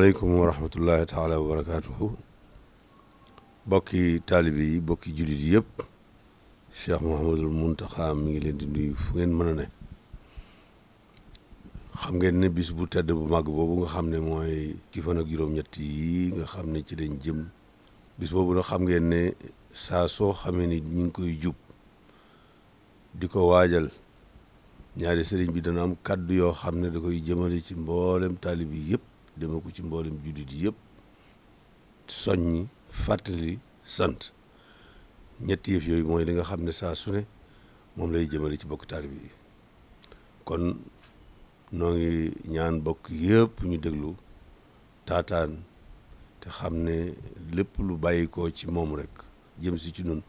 عليكم ورحمة الله تعالى وبركاته بكي طالبي بكي جلدي يب الشيخ محمد المنتخى ميلين دي فوين منانا خمجن نبيس بوتا دبو ماغ بوبو خمنا موي كيفانا جيروم يتي خمنا جرين جم بيس بوبو خمجن ن ساسو خمين نينكو يجوب ديكو واجل ñaari sëriñ bi dana am kaddu yoo xam ne da koy jëmale ci mboolem talibi yépp dama ko ci mboolem juddit yëpp soññi fàttali sant ñetti yëf yooyu mooy li nga xam ne saa su ne moom lay jëmale ci bokk taalibe yi kon noo ngi ñaan bokk yëpp ñu déglu taataan te xam ne lépp lu bàyyi ko ci moom rek jëm si ci nun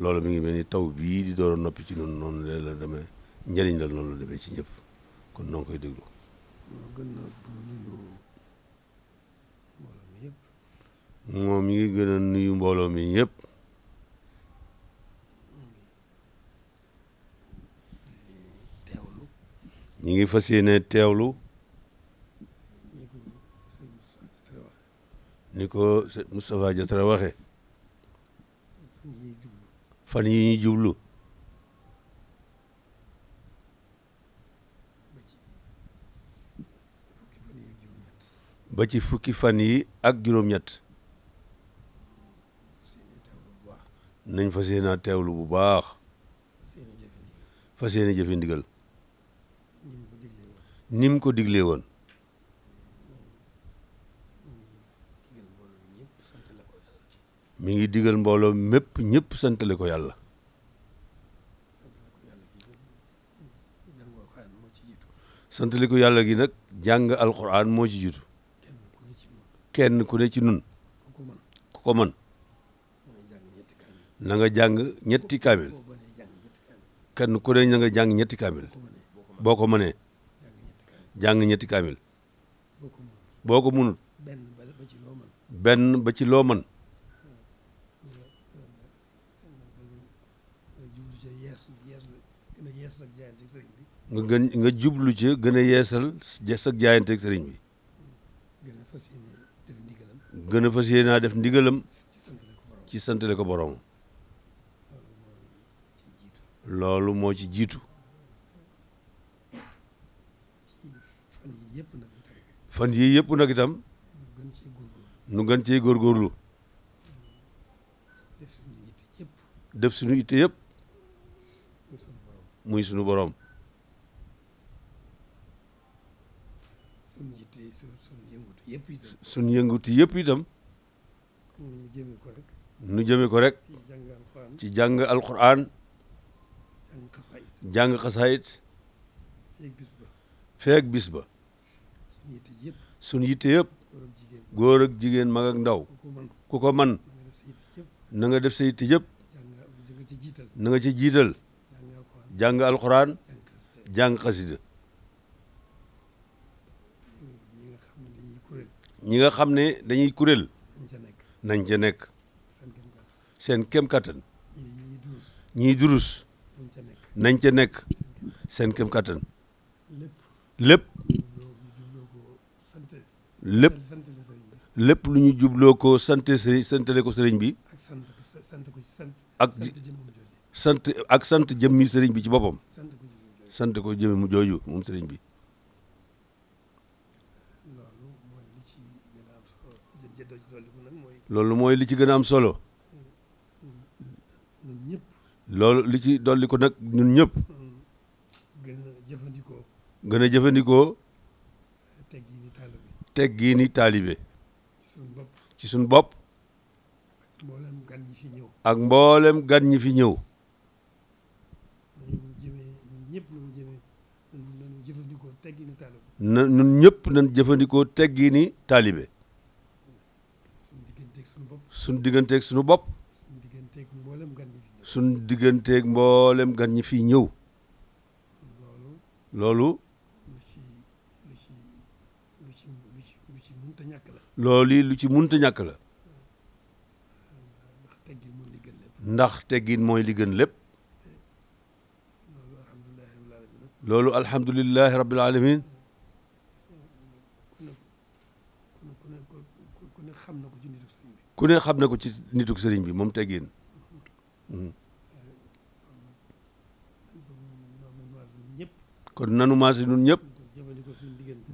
loolu mi ngi mel ni taw bii di door a noppi ci nun noonu la la demee njëriñ la noonu la demee ci ñëpp kon noo koy déglu. gën moom mi ngi gën a nuyu mbooloo mi yëpp ñi ngi fas yéene teewlu ni ko Moustapha Diatra waxe fan yi ñu jublu ba ci fukki fan yi ak juróom-ñett nañ fa yéene teewlu bu baax fa yéene jëfe ndigal ni mu ko diglee woon mu ngi digal mbooloo mépp ñëpp santale ko yàlla santale ko yàlla gi nag jàng alquran moo ci jiitu kenn ku ne ci nun ku ko man nanga jàng ñetti kaamil kenn ku ne na nga jàng ñetti kaamil boo ko mënee jàng ñetti kaamil boo ko mënut benn ba ci looman mën nga gën nga jublu ci gën a yeesal sa jaayante sëriñ bi gën a fas yéene naa def ndigalam ci santale ko borom loolu moo ci jiitu fan yii yëpp nag itam nu gën cee góorgóorlu def suñu itte yëpp muy suñu borom suñu yëngutu yëpp itam nu jëme ko rek ci jàng alquran jàng xasaayit feek bis ba sunu yitte yëpp góor ak jigéen mag ak ndaw ku man na nga def sa yitte yëpp na nga ci jiital jàng alxuraan jàng xasida ñi nga xam ne dañuy kuréel nañ ca nekk seen kem kattan ñiy durus nañ ce nekk seen kem kattan lépp lépp lépp lu ñu jubloo ko sante sëriñ santale ko sëriñ bi ak sant ak sant jëmmi sëriñ bi ci boppam sant ko jëmmi mu jooju moom sëriñ bi loolu mooy li ci gën a am solo loolu li ci dolli ko nag ñun ñëpp. gën a jëfandikoo. gën a teggiini taalibe. teggiini ci suñu bopp. ci suñu bopp. ak mboolem gan ñi fi ñëw. ak mboolem gan ñi fi ñëw. na ñun ñëpp nañ jëfandikoo teggiini taalibe. suñu digganteeg sunu bopp. digganteeg mboolem gan ñi fi ñëw. suñ digganteeg mboolem gan ñi fi ñëw. loolu. loolu yi lu ci munta ñàkk la ndax teggin mooy li gën lépp loolu alhamdulilahi rabbil alamin ku ne xam na ko ci nituk sëriñ bi moom teggin kon nanu maase nun ñëpp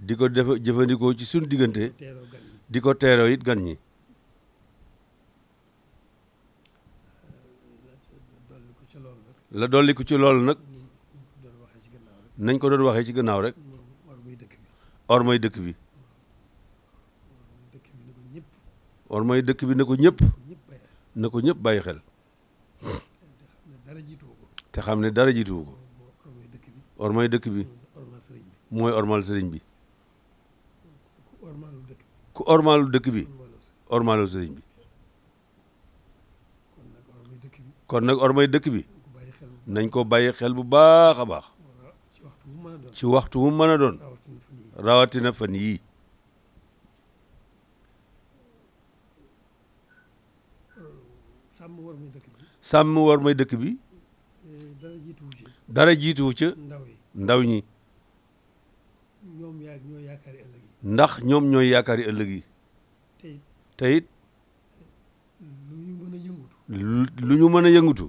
di ko def jëfandikoo ci suñu diggante di ko teeroo it gan ñi la dolli ci loolu nag nañ ko doon waxee ci gannaaw rek or mooy dëkk bi or dëkk bi na ko ñëpp na ko ñëpp bàyyi xel te xamne dara jitu ko or moy dekk bi moy ormal serigne bi ku ormal dekk bi ormal serigne bi kon nag ormay dekk bi nañ ko baye xel bu baakha a baax ci waxtu mu mën don rawati na fan yi sam war moy dekk bi dara jiituwu ca ndaw ñi ndax ñoom ñooy yaakaari ëllëg yi te it lu ñu mën a yëngutu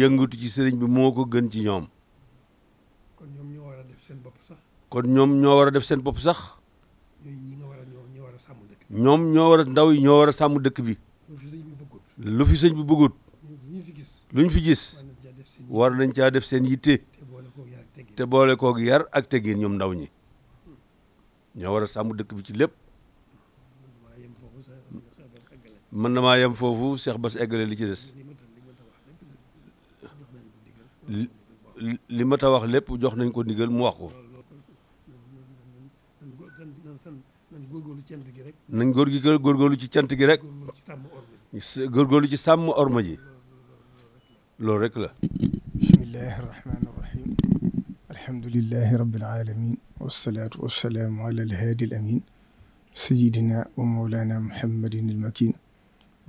yëngutu ci sëriñ bi moo ko gën ci ñoom kon ñoom ñoo war a def seen bopp sax kon ñoom ñoo war a def seen bopp sax ñoom ñoo war a ndaw yi ñoo war a sàmm dëkk bi lu fi sëñ bi bëggut lu ñu fi gis war nañ ca def seen yitte te boole koog yar ak teggin ñoom ndaw ñi ñoo war a sàmm dëkk bi ci lépp man na maa yem foofu Cheikh Bass eggale li ci des li ma ta wax lépp jox nañ ko ndigal mu wax ko nañ góor gi góorgóorlu ci cant gi rek góorgóorlu ci sàmm orma ji loolu rek la bismillahi irrahmani irrahim alhamdulilahi rabilalamin walsalaatu walsalaamu ala alhaadi al amin sayidina wa mawlana muhammadin almakin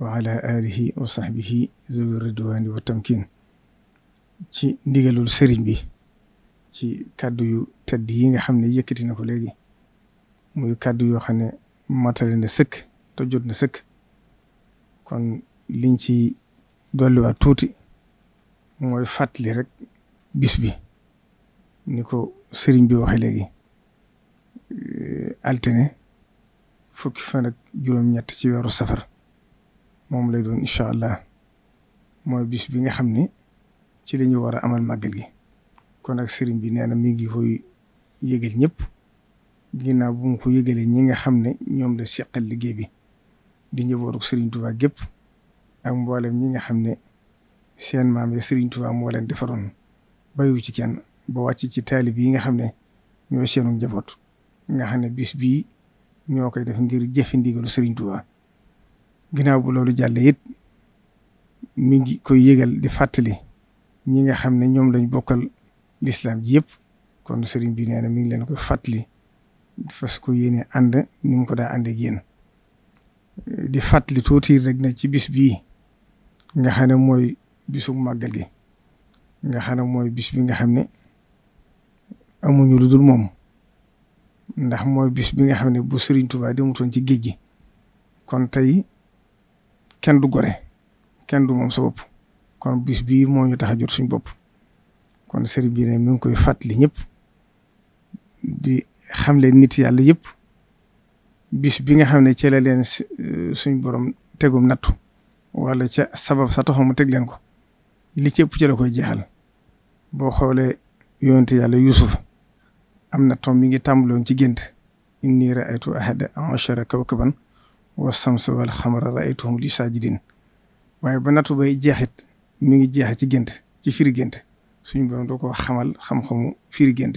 wa ala alihi wa sahbihi zawi ridwaani wa tamkin ci ndigalul sëriñ bi ci kàddu yu tedd yi nga xam ne yëkkati na ko léegi muy kàddu yoo xam ne matale na sëkk te jot na sëkk kon liñ ci dolliwaat tuuti mooy fàttali rek bis bi ni ko sëriñ bi waxee léegi altine fukki fan ak juróom-ñett ci weeru safar moom lay doon incha allah mooy bis bi nga xam ni ci la ñu war a amal màggal gi kon ak sëriñ bi nee na mi ngi koy yëgal ñëpp ginnaaw bu mu ko yëgalee ñi nga xam ne ñoom la seqal liggéey bi di njëbooru sëriñ Tuubaa gépp ak mboolem ñi nga xam ne seen maam ya Serigne Touba moo leen defaroon bayu ci kenn ba wàcc ci taalib yi nga xam ne ñoo seenu njaboot nga xam ne bis bii ñoo koy def ngir jëfe ndigalu Serigne Touba ginnaaw bu loolu jàll it mi ngi koy yëgal di fàttali ñi nga xam ne ñoom lañ bokkal lislaam yëpp kon sëriñ bi nee na mi ngi leen koy fàttali fas ko yéene ànd ni mu ko daa àndee génn yéen di fàttali tuuti rek na ci bis bii nga xam ne mooy. bisu magal gi nga xana moy bis bi nga xamne amuñu luddul mom ndax moy bis bi nga xamne bu Serigne Touba ci geejgi kon tay kenn du gore kenn du mom sopp kon bis bii moñu ñu suñ bop kon Serigne bi ne mi ngi koy ñep di xamle nit yalla yep bis bi nga xamne ci la len euh, suñ borom tegum natu wala ci sabab sa taxamu teg ko. li ci ëpp ci koy jeexal boo xoolee yonent yàlla Yuusuf am na tom mi ngi tàmbaloon ci gént inni raaytu ahada ashara kawkaban wa samsa wal xamara raaytuhum li saajidin waaye ba natu bay jeexit mi ngi jeex ci gént ci firi gént suñ borom doo ko xamal xam-xamu firi gént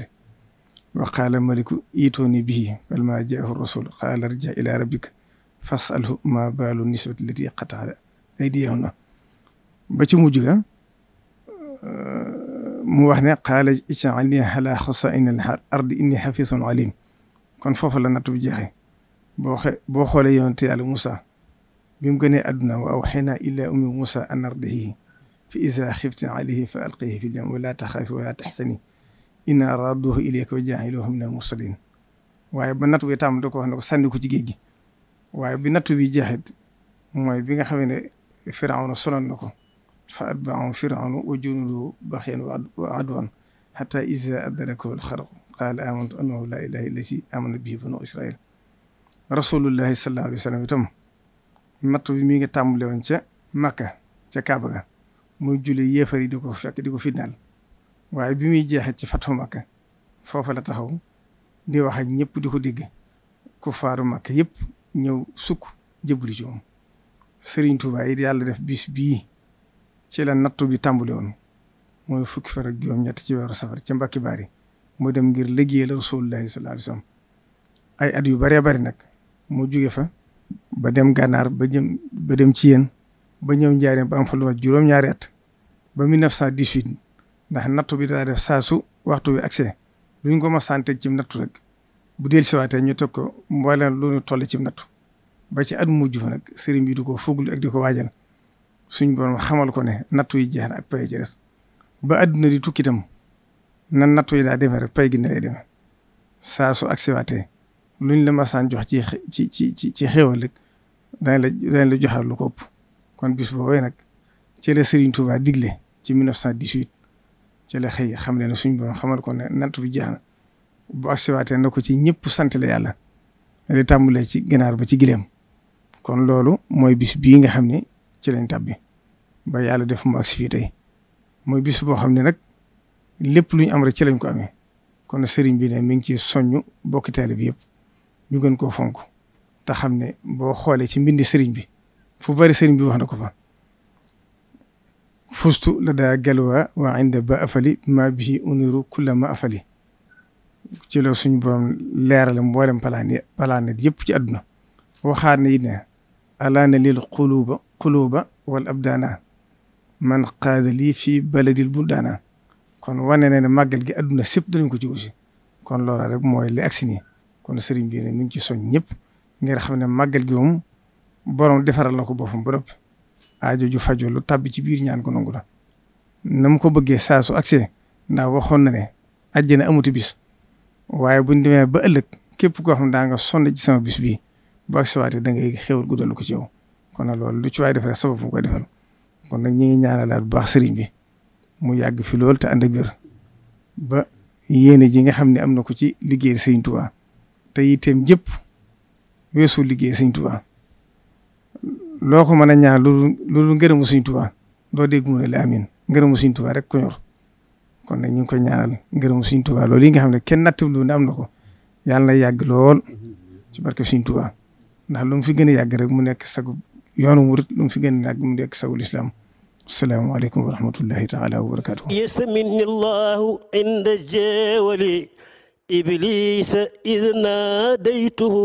wa qaala maliku iitooni bihi falammaa jaahu rasul qaala rja ila rabbika fasalhu ma baalu niswati lati qataala aydiyahunna ba ci mujj ga mu wax ne qaala ij'alni ala xasaa'ini al-ardi inni xafisun alim kon foofu la nattu bi jeexee boo xe boo xoolee yonent yàlla Moussa bi mu gënee àdduna wa awxayna ila ummi Moussa an ardihi fa iza xifti alayhi fa alqihi fi ljam wala taxaafi wala waaye ba nattu bi tàmm da ko wax ne ko ci géej gi waaye bi nattu bi jeexit mooy bi nga xam ne Firawna sonal na ko fa atbaahum firawnu wa junudu baxyan wa adwan xata isa adrakahu alxaraqu qaala amantu annahu laa ilaha illa si amana bihi banu israil rasulullahi sallallahu alayhi wa sallam itam nattu bi mi nga tàmbale woon ca Makka ca Kaaba ga muy jule yéefar yi di ko fekk di ko fitnaal waaye bi muy jeexee ci fatu Makka foofa la taxaw di wax ak ñëpp di ko dégg ku faaru Makka yëpp ñëw sukk jëbali ci moom Sëriñ Tuubaa yi yàlla def bis bii ci la nattu bi tàmbali woon mooy fukki fan ak juróom-ñett ci weeru safar ci mbakki baari mu dem ngir liggéeyal rasulullahi sallallahu alayhi wasallam ay at yu bëree bëri nag mu juge fa ba dem gànnaar ba jëm ba dem ci yéen ba ñëw njaareen ba am fa lu ma juróom-ñaari at ba 1918 ndax nattu bi daa saa su waxtu bi accès lu ko ma sante ci nattu rek bu del siwaatee ñu teg ko mbooleem lu ñu toll ci nattu ba ci at mujj fa nag sëriñ bi du ko fuglu ak di ko waajal suñ borom xamal ko ne nattu yi jeex na ak pay ci des ba adduna di tukki itam nan nattu yi daa demee rek pay gi ne lay demee saa su agsiwaatee luñ la masaan jox ci ci ci ci ci xéewal rek dañ la dañ joxal lu ko ëpp kon bis boobee nag ci la Serigne Touba digle ci 1918 ci la xëy xam leen ne suñ borom xamal ko ne nattu bi jeex na bu agsiwaatee na ko ci ñëpp sant la yàlla. li tàmbalee ci ginaar ba ci gileem kon loolu mooy bis bii nga xam ne ci lañ tàbbi ba yàlla def mu agsi mooy biss boo xam ne nag lépp lu ñu am rek ci ko amee kon sëriñ bi ne mi ngi ci soññ bokki taalibe bi yëpp ñu gën koo fonk te xam ne boo xoolee ci mbindi sëriñ bi fu bari sëriñ bi wax na ko fa fustu la daa galwa wa inda ba afali ma bihi uniru kulla ma afali ci la suñu borom leerale mboolem palaane palaane yëpp ci àdduna waxaat na it ne alaana lil quluba quluuba wal abdaana man qaada lii fii baladil buldaana kon wane na ne màggal gi adduna sépp danañ ko ci aussi kon loola rek mooy li agsi ni kon sëriñ bi ne ngi ci soñ ñëpp ngir xam ne màggal gi moom borom defaral na ko boppam bërëb aajo ju fajoo lu tàbbi ci biir ñaan ko nangu la na ko bëggee saa su agsee ndax waxoon na ne àjjana amuti bis waaye buñ demee ba ëllëg képp koo xam daa nga sonn ci sama bi bii bu agsiwaatee da ngay xéwal guddal ko ci yow kon nag loolu lu ci waay def rek sabab mu koy defal kon nag ñu ngi ñaanalaat bu baax sëriñ bi mu yàgg fi lool te ànd ak ba yéene ji nga xam ne am na ko ci liggéey sintuwa Tuubaa te itam jëpp weesu liggéey sëriñ loo ko mën a ñaar loolu loolu ngërëmu loo dégg mu ne la amin ngërëmu sëriñ Tuubaa rek ko kon nag ñu ngi koy ñaanal ngërëmu sëriñ Tuubaa yi nga xam ne kenn nattablu ne am na ko yàlla na yàgg lool ci barke sëriñ Tuubaa ndax lu fi gën a rek mu nekk sagub يانو مرت نفجن نعم ديك سو الإسلام السلام عليكم ورحمة الله تعالى وبركاته يسمن الله عند جوالي إبليس إذ ناديته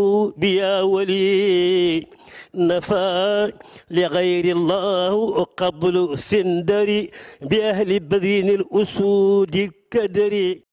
بيا ولي نفى لغير الله قبل سندري بأهل بدين الأسود كدري